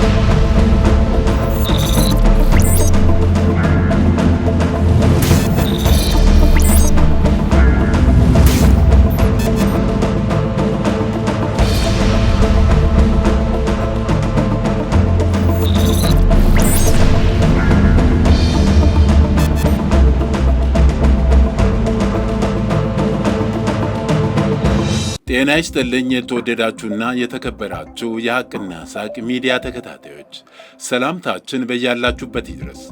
Thank you. ጤና ይስጥልኝ የተወደዳችሁና የተከበራችሁ የሐቅና ሳቅ ሚዲያ ተከታታዮች ሰላምታችን በያላችሁበት ይድረስ።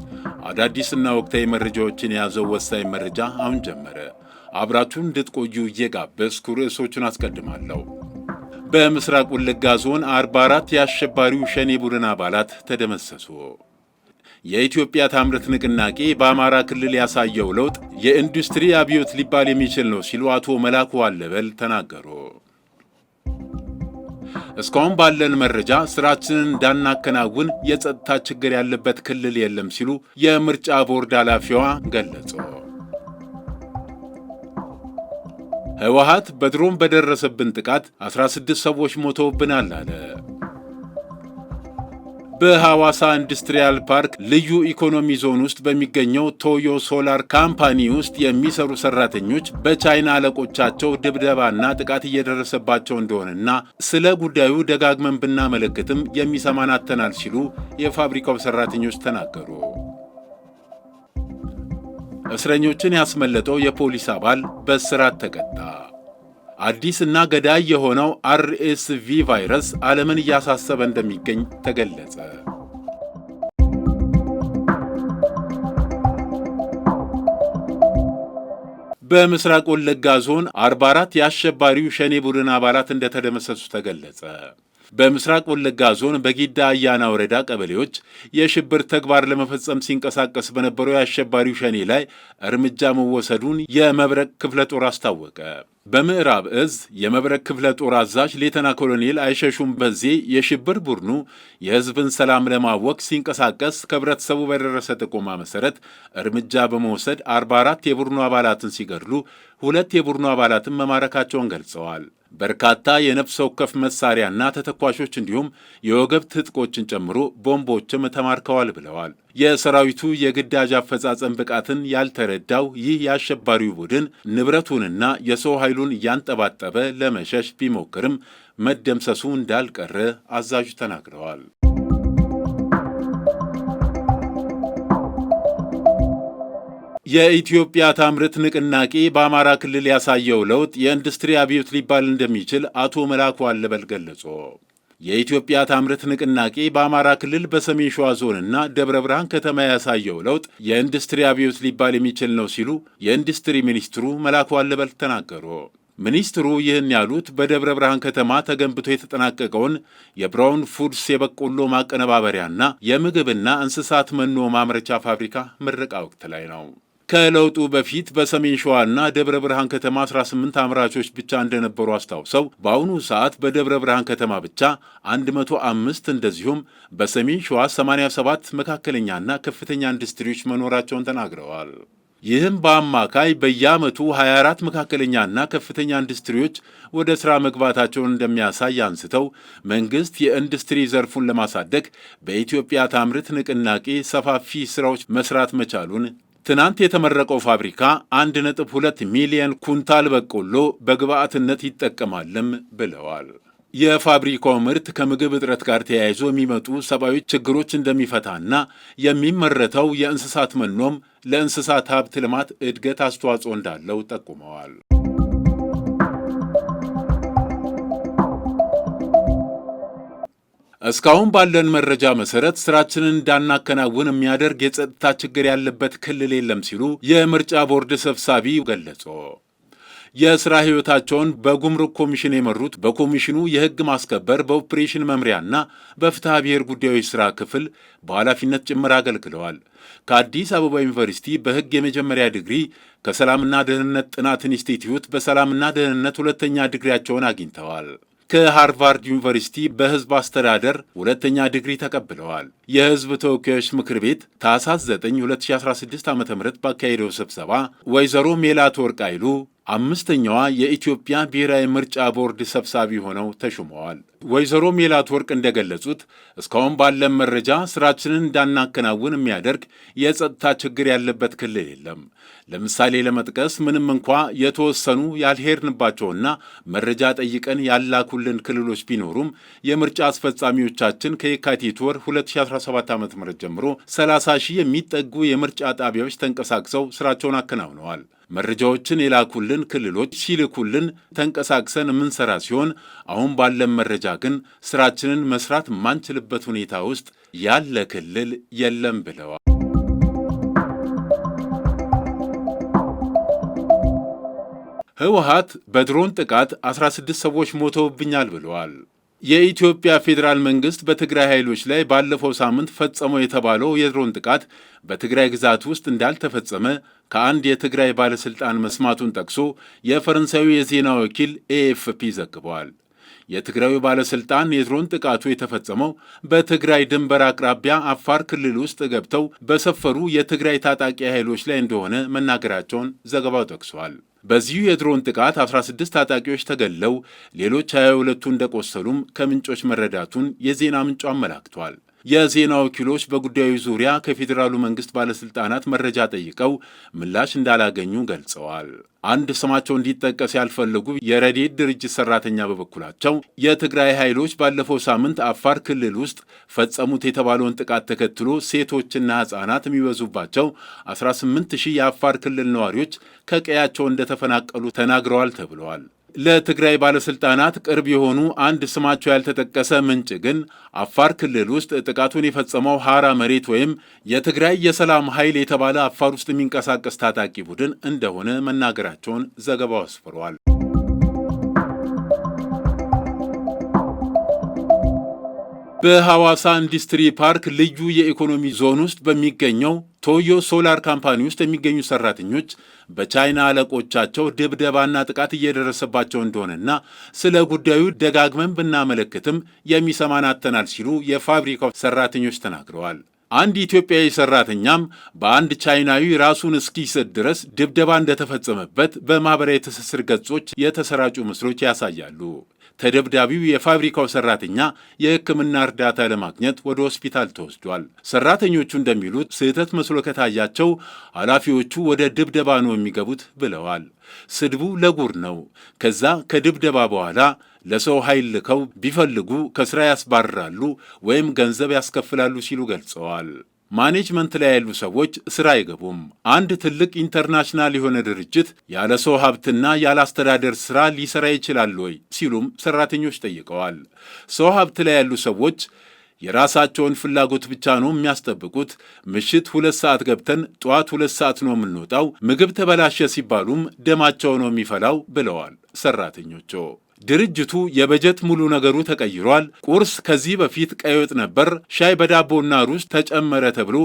አዳዲስና ወቅታዊ መረጃዎችን የያዘው ወሳኝ መረጃ አሁን ጀመረ። አብራችሁን እንድትቆዩ እየጋበዝኩ ርዕሶቹን አስቀድማለሁ። በምስራቅ ወለጋ ዞን 44 የአሸባሪው ሸኔ ቡድን አባላት ተደመሰሱ። የኢትዮጵያ ታምርት ንቅናቄ በአማራ ክልል ያሳየው ለውጥ የኢንዱስትሪ አብዮት ሊባል የሚችል ነው ሲሉ አቶ መላኩ አለበል ተናገሩ። እስካሁን ባለን መረጃ ስራችንን እንዳናከናውን የጸጥታ ችግር ያለበት ክልል የለም ሲሉ የምርጫ ቦርድ ኃላፊዋ ገለጹ። ህወሀት በድሮን በደረሰብን ጥቃት 16 ሰዎች ሞተውብናል አለ። በሐዋሳ ኢንዱስትሪያል ፓርክ ልዩ ኢኮኖሚ ዞን ውስጥ በሚገኘው ቶዮ ሶላር ካምፓኒ ውስጥ የሚሰሩ ሰራተኞች በቻይና አለቆቻቸው ድብደባና ጥቃት እየደረሰባቸው እንደሆነና ስለ ጉዳዩ ደጋግመን ብናመለክትም የሚሰማን ሲሉ የፋብሪካው ሰራተኞች ተናገሩ። እስረኞችን ያስመለጠው የፖሊስ አባል በእስራት ተቀጣ። አዲስና ገዳይ የሆነው አርኤስቪ ቫይረስ ዓለምን እያሳሰበ እንደሚገኝ ተገለጸ። በምስራቅ ወለጋ ዞን 44 የአሸባሪው ሸኔ ቡድን አባላት እንደተደመሰሱ ተገለጸ። በምስራቅ ወለጋ ዞን በጊዳ አያና ወረዳ ቀበሌዎች የሽብር ተግባር ለመፈጸም ሲንቀሳቀስ በነበረው የአሸባሪው ሸኔ ላይ እርምጃ መወሰዱን የመብረቅ ክፍለ ጦር አስታወቀ። በምዕራብ እዝ የመብረቅ ክፍለ ጦር አዛዥ ሌተና ኮሎኔል አይሸሹም በዜ የሽብር ቡድኑ የህዝብን ሰላም ለማወክ ሲንቀሳቀስ ከህብረተሰቡ በደረሰ ጥቆማ መሰረት እርምጃ በመውሰድ 44 የቡድኑ አባላትን ሲገድሉ ሁለት የቡድኑ አባላትን መማረካቸውን ገልጸዋል። በርካታ የነፍስ ወከፍ መሳሪያና ተተኳሾች እንዲሁም የወገብ ትጥቆችን ጨምሮ ቦምቦችም ተማርከዋል ብለዋል። የሰራዊቱ የግዳጅ አፈጻጸም ብቃትን ያልተረዳው ይህ የአሸባሪው ቡድን ንብረቱንና የሰው ኃይሉን እያንጠባጠበ ለመሸሽ ቢሞክርም መደምሰሱ እንዳልቀረ አዛዡ ተናግረዋል። የኢትዮጵያ ታምርት ንቅናቄ በአማራ ክልል ያሳየው ለውጥ የኢንዱስትሪ አብዮት ሊባል እንደሚችል አቶ መላኩ አለበል ገለጹ። የኢትዮጵያ ታምርት ንቅናቄ በአማራ ክልል በሰሜን ሸዋ ዞንና ደብረ ብርሃን ከተማ ያሳየው ለውጥ የኢንዱስትሪ አብዮት ሊባል የሚችል ነው ሲሉ የኢንዱስትሪ ሚኒስትሩ መላኩ አለበል ተናገሩ። ሚኒስትሩ ይህን ያሉት በደብረ ብርሃን ከተማ ተገንብቶ የተጠናቀቀውን የብራውን ፉድስ የበቆሎ ማቀነባበሪያና የምግብና እንስሳት መኖ ማምረቻ ፋብሪካ ምረቃ ወቅት ላይ ነው። ከለውጡ በፊት በሰሜን ሸዋና ደብረ ብርሃን ከተማ 18 አምራቾች ብቻ እንደነበሩ አስታውሰው በአሁኑ ሰዓት በደብረ ብርሃን ከተማ ብቻ 105 እንደዚሁም በሰሜን ሸዋ 87 መካከለኛና ከፍተኛ ኢንዱስትሪዎች መኖራቸውን ተናግረዋል። ይህም በአማካይ በየዓመቱ 24 መካከለኛና ከፍተኛ ኢንዱስትሪዎች ወደ ሥራ መግባታቸውን እንደሚያሳይ አንስተው መንግሥት የኢንዱስትሪ ዘርፉን ለማሳደግ በኢትዮጵያ ታምርት ንቅናቄ ሰፋፊ ሥራዎች መስራት መቻሉን ትናንት የተመረቀው ፋብሪካ 1.2 ሚሊየን ኩንታል በቆሎ በግብአትነት ይጠቀማልም ብለዋል። የፋብሪካው ምርት ከምግብ እጥረት ጋር ተያይዞ የሚመጡ ሰብአዊ ችግሮች እንደሚፈታና የሚመረተው የእንስሳት መኖም ለእንስሳት ሀብት ልማት እድገት አስተዋጽኦ እንዳለው ጠቁመዋል። እስካሁን ባለን መረጃ መሰረት ስራችንን እንዳናከናውን የሚያደርግ የጸጥታ ችግር ያለበት ክልል የለም ሲሉ የምርጫ ቦርድ ሰብሳቢ ገለጹ። የስራ ህይወታቸውን በጉምሩክ ኮሚሽን የመሩት በኮሚሽኑ የህግ ማስከበር በኦፕሬሽን መምሪያና በፍትሐ ብሔር ጉዳዮች ስራ ክፍል በኃላፊነት ጭምር አገልግለዋል። ከአዲስ አበባ ዩኒቨርሲቲ በህግ የመጀመሪያ ዲግሪ፣ ከሰላምና ደህንነት ጥናት ኢንስቲትዩት በሰላምና ደህንነት ሁለተኛ ዲግሪያቸውን አግኝተዋል። ከሃርቫርድ ዩኒቨርሲቲ በህዝብ አስተዳደር ሁለተኛ ዲግሪ ተቀብለዋል። የህዝብ ተወካዮች ምክር ቤት ታህሳስ 9 2016 ዓ ም ባካሄደው ስብሰባ ወይዘሮ ሜላት ወርቅ አይሉ አምስተኛዋ የኢትዮጵያ ብሔራዊ ምርጫ ቦርድ ሰብሳቢ ሆነው ተሹመዋል። ወይዘሮ ሜላት ወርቅ እንደገለጹት እስካሁን ባለን መረጃ ስራችንን እንዳናከናውን የሚያደርግ የጸጥታ ችግር ያለበት ክልል የለም። ለምሳሌ ለመጥቀስ ምንም እንኳ የተወሰኑ ያልሄድንባቸውና መረጃ ጠይቀን ያላኩልን ክልሎች ቢኖሩም የምርጫ አስፈጻሚዎቻችን ከየካቲት ወር 2017 ዓ ም ጀምሮ 30 ሺህ የሚጠጉ የምርጫ ጣቢያዎች ተንቀሳቅሰው ስራቸውን አከናውነዋል። መረጃዎችን የላኩልን ክልሎች ሲልኩልን ተንቀሳቅሰን የምንሰራ ሲሆን አሁን ባለን መረጃ ግን ስራችንን መስራት የማንችልበት ሁኔታ ውስጥ ያለ ክልል የለም ብለዋል። ህወሀት በድሮን ጥቃት 16 ሰዎች ሞተውብኛል ብለዋል። የኢትዮጵያ ፌዴራል መንግስት በትግራይ ኃይሎች ላይ ባለፈው ሳምንት ፈጸመው የተባለው የድሮን ጥቃት በትግራይ ግዛት ውስጥ እንዳልተፈጸመ ከአንድ የትግራይ ባለሥልጣን መስማቱን ጠቅሶ የፈረንሳዩ የዜና ወኪል ኤኤፍፒ ዘግበዋል። የትግራዩ ባለሥልጣን የድሮን ጥቃቱ የተፈጸመው በትግራይ ድንበር አቅራቢያ አፋር ክልል ውስጥ ገብተው በሰፈሩ የትግራይ ታጣቂ ኃይሎች ላይ እንደሆነ መናገራቸውን ዘገባው ጠቅሷል። በዚሁ የድሮን ጥቃት 16 ታጣቂዎች ተገለው ሌሎች 22ቱ እንደቆሰሉም ከምንጮች መረዳቱን የዜና ምንጩ አመላክቷል። የዜና ወኪሎች በጉዳዩ ዙሪያ ከፌዴራሉ መንግስት ባለስልጣናት መረጃ ጠይቀው ምላሽ እንዳላገኙ ገልጸዋል። አንድ ስማቸው እንዲጠቀስ ያልፈለጉ የረድኤት ድርጅት ሰራተኛ በበኩላቸው የትግራይ ኃይሎች ባለፈው ሳምንት አፋር ክልል ውስጥ ፈጸሙት የተባለውን ጥቃት ተከትሎ ሴቶችና ህጻናት የሚበዙባቸው 18 ሺህ የአፋር ክልል ነዋሪዎች ከቀያቸው እንደተፈናቀሉ ተናግረዋል ተብለዋል። ለትግራይ ባለሥልጣናት ቅርብ የሆኑ አንድ ስማቸው ያልተጠቀሰ ምንጭ ግን አፋር ክልል ውስጥ ጥቃቱን የፈጸመው ሐራ መሬት ወይም የትግራይ የሰላም ኃይል የተባለ አፋር ውስጥ የሚንቀሳቀስ ታጣቂ ቡድን እንደሆነ መናገራቸውን ዘገባው አስፍሯል። በሐዋሳ ኢንዱስትሪ ፓርክ ልዩ የኢኮኖሚ ዞን ውስጥ በሚገኘው ቶዮ ሶላር ካምፓኒ ውስጥ የሚገኙ ሰራተኞች በቻይና አለቆቻቸው ድብደባና ጥቃት እየደረሰባቸው እንደሆነና ስለ ጉዳዩ ደጋግመን ብናመለክትም የሚሰማን አጥተናል ሲሉ የፋብሪካው ሰራተኞች ተናግረዋል። አንድ ኢትዮጵያዊ ሰራተኛም በአንድ ቻይናዊ ራሱን እስኪስት ድረስ ድብደባ እንደተፈጸመበት በማኅበራዊ ትስስር ገጾች የተሰራጩ ምስሎች ያሳያሉ። ተደብዳቢው የፋብሪካው ሰራተኛ የሕክምና እርዳታ ለማግኘት ወደ ሆስፒታል ተወስዷል። ሰራተኞቹ እንደሚሉት ስህተት መስሎ ከታያቸው ኃላፊዎቹ ወደ ድብደባ ነው የሚገቡት ብለዋል። ስድቡ ለጉር ነው። ከዛ ከድብደባ በኋላ ለሰው ኃይል ልከው ቢፈልጉ ከስራ ያስባርራሉ ወይም ገንዘብ ያስከፍላሉ ሲሉ ገልጸዋል። ማኔጅመንት ላይ ያሉ ሰዎች ስራ አይገቡም። አንድ ትልቅ ኢንተርናሽናል የሆነ ድርጅት ያለ ሰው ሀብትና ያለ አስተዳደር ስራ ሊሰራ ይችላል ወይ ሲሉም ሰራተኞች ጠይቀዋል። ሰው ሀብት ላይ ያሉ ሰዎች የራሳቸውን ፍላጎት ብቻ ነው የሚያስጠብቁት። ምሽት ሁለት ሰዓት ገብተን ጠዋት ሁለት ሰዓት ነው የምንወጣው፣ ምግብ ተበላሸ ሲባሉም ደማቸው ነው የሚፈላው ብለዋል ሰራተኞቹ። ድርጅቱ የበጀት ሙሉ ነገሩ ተቀይሯል። ቁርስ ከዚህ በፊት ቀይ ወጥ ነበር፣ ሻይ በዳቦና ሩዝ ተጨመረ ተብሎ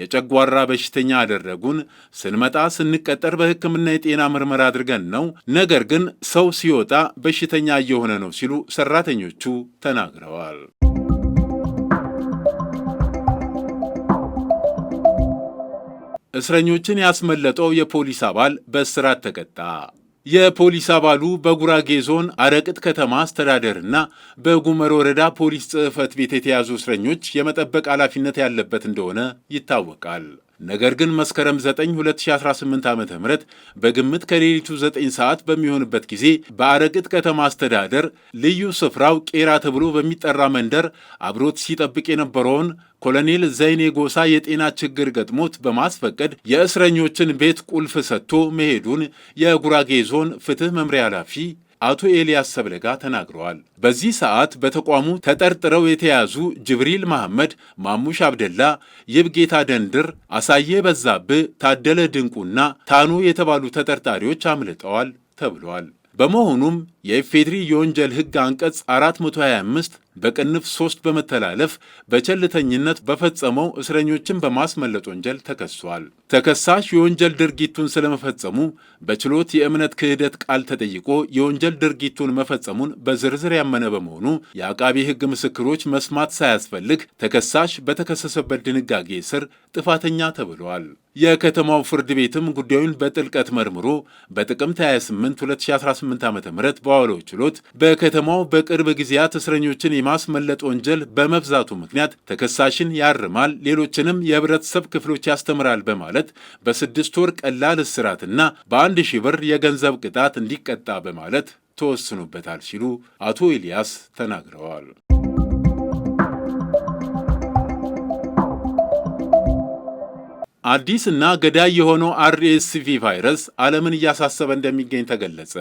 የጨጓራ በሽተኛ አደረጉን። ስንመጣ ስንቀጠር በሕክምና የጤና ምርመራ አድርገን ነው። ነገር ግን ሰው ሲወጣ በሽተኛ እየሆነ ነው ሲሉ ሰራተኞቹ ተናግረዋል። እስረኞችን ያስመለጠው የፖሊስ አባል በእስራት ተቀጣ። የፖሊስ አባሉ በጉራጌ ዞን አረቅት ከተማ አስተዳደርና በጉመር ወረዳ ፖሊስ ጽሕፈት ቤት የተያዙ እስረኞች የመጠበቅ ኃላፊነት ያለበት እንደሆነ ይታወቃል። ነገር ግን መስከረም 9 2018 ዓ ም በግምት ከሌሊቱ 9 ሰዓት በሚሆንበት ጊዜ በአረቅት ከተማ አስተዳደር ልዩ ስፍራው ቄራ ተብሎ በሚጠራ መንደር አብሮት ሲጠብቅ የነበረውን ኮሎኔል ዘይኔ ጎሳ የጤና ችግር ገጥሞት በማስፈቀድ የእስረኞችን ቤት ቁልፍ ሰጥቶ መሄዱን የጉራጌ ዞን ፍትህ መምሪያ ኃላፊ አቶ ኤልያስ ሰብለጋ ተናግረዋል። በዚህ ሰዓት በተቋሙ ተጠርጥረው የተያዙ ጅብሪል መሐመድ፣ ማሙሽ አብደላ፣ ይብጌታ ደንድር፣ አሳየ በዛብህ፣ ታደለ ድንቁና ታኑ የተባሉ ተጠርጣሪዎች አምልጠዋል ተብሏል። በመሆኑም የኢፌድሪ የወንጀል ሕግ አንቀጽ 425 በቅንፍ 3 በመተላለፍ በቸልተኝነት በፈጸመው እስረኞችን በማስመለጥ ወንጀል ተከሷል። ተከሳሽ የወንጀል ድርጊቱን ስለመፈጸሙ በችሎት የእምነት ክህደት ቃል ተጠይቆ የወንጀል ድርጊቱን መፈጸሙን በዝርዝር ያመነ በመሆኑ የአቃቢ ሕግ ምስክሮች መስማት ሳያስፈልግ ተከሳሽ በተከሰሰበት ድንጋጌ ስር ጥፋተኛ ተብሏል። የከተማው ፍርድ ቤትም ጉዳዩን በጥልቀት መርምሮ በጥቅምት 28 2018 ዓ ም የዋለው ችሎት በከተማው በቅርብ ጊዜያት እስረኞችን የማስመለጥ ወንጀል በመብዛቱ ምክንያት ተከሳሽን ያርማል፣ ሌሎችንም የህብረተሰብ ክፍሎች ያስተምራል በማለት በስድስት ወር ቀላል እስራትና በአንድ ሺህ ብር የገንዘብ ቅጣት እንዲቀጣ በማለት ተወስኑበታል ሲሉ አቶ ኤልያስ ተናግረዋል። አዲስ እና ገዳይ የሆነው አርኤስቪ ቫይረስ ዓለምን እያሳሰበ እንደሚገኝ ተገለጸ።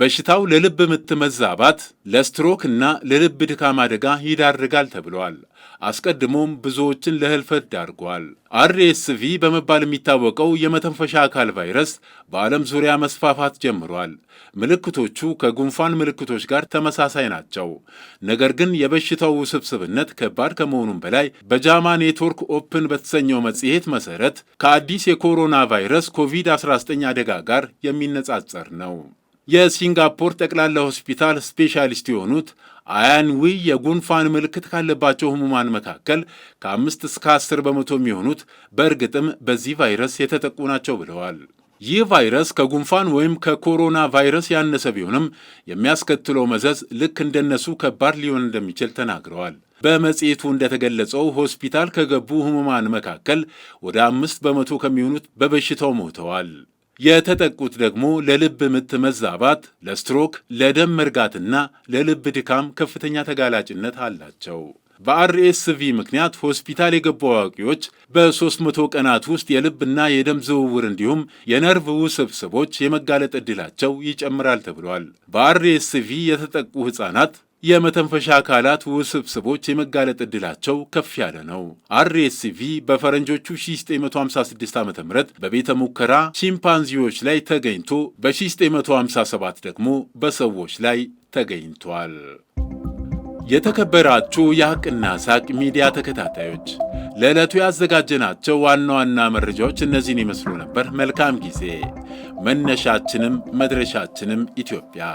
በሽታው ለልብ ምት መዛባት፣ ለስትሮክ እና ለልብ ድካም አደጋ ይዳርጋል ተብሏል። አስቀድሞም ብዙዎችን ለህልፈት ዳርጓል። አርኤስቪ በመባል የሚታወቀው የመተንፈሻ አካል ቫይረስ በዓለም ዙሪያ መስፋፋት ጀምሯል። ምልክቶቹ ከጉንፋን ምልክቶች ጋር ተመሳሳይ ናቸው። ነገር ግን የበሽታው ውስብስብነት ከባድ ከመሆኑም በላይ በጃማ ኔትወርክ ኦፕን በተሰኘው መጽሔት መሠረት ከአዲስ የኮሮና ቫይረስ ኮቪድ-19 አደጋ ጋር የሚነጻጸር ነው። የሲንጋፖር ጠቅላላ ሆስፒታል ስፔሻሊስት የሆኑት አያን ዊ የጉንፋን ምልክት ካለባቸው ህሙማን መካከል ከአምስት እስከ አስር በመቶ የሚሆኑት በእርግጥም በዚህ ቫይረስ የተጠቁ ናቸው ብለዋል። ይህ ቫይረስ ከጉንፋን ወይም ከኮሮና ቫይረስ ያነሰ ቢሆንም የሚያስከትለው መዘዝ ልክ እንደነሱ ከባድ ሊሆን እንደሚችል ተናግረዋል። በመጽሔቱ እንደተገለጸው ሆስፒታል ከገቡ ህሙማን መካከል ወደ አምስት በመቶ ከሚሆኑት በበሽታው ሞተዋል። የተጠቁት ደግሞ ለልብ ምት መዛባት፣ ለስትሮክ፣ ለደም መርጋትና ለልብ ድካም ከፍተኛ ተጋላጭነት አላቸው። በአርኤስቪ ምክንያት ሆስፒታል የገቡ አዋቂዎች በ300 ቀናት ውስጥ የልብና የደም ዝውውር እንዲሁም የነርቭ ውስብስቦች የመጋለጥ ዕድላቸው ይጨምራል ተብሏል። በአርኤስቪ የተጠቁ ሕፃናት የመተንፈሻ አካላት ውስብስቦች የመጋለጥ ዕድላቸው ከፍ ያለ ነው። አርኤስቪ በፈረንጆቹ 1956 ዓ ም በቤተ ሙከራ ቺምፓንዚዎች ላይ ተገኝቶ በ1957 ደግሞ በሰዎች ላይ ተገኝቷል። የተከበራችሁ የሐቅና ሳቅ ሚዲያ ተከታታዮች ለዕለቱ ያዘጋጀናቸው ዋና ዋና መረጃዎች እነዚህን ይመስሉ ነበር። መልካም ጊዜ። መነሻችንም መድረሻችንም ኢትዮጵያ።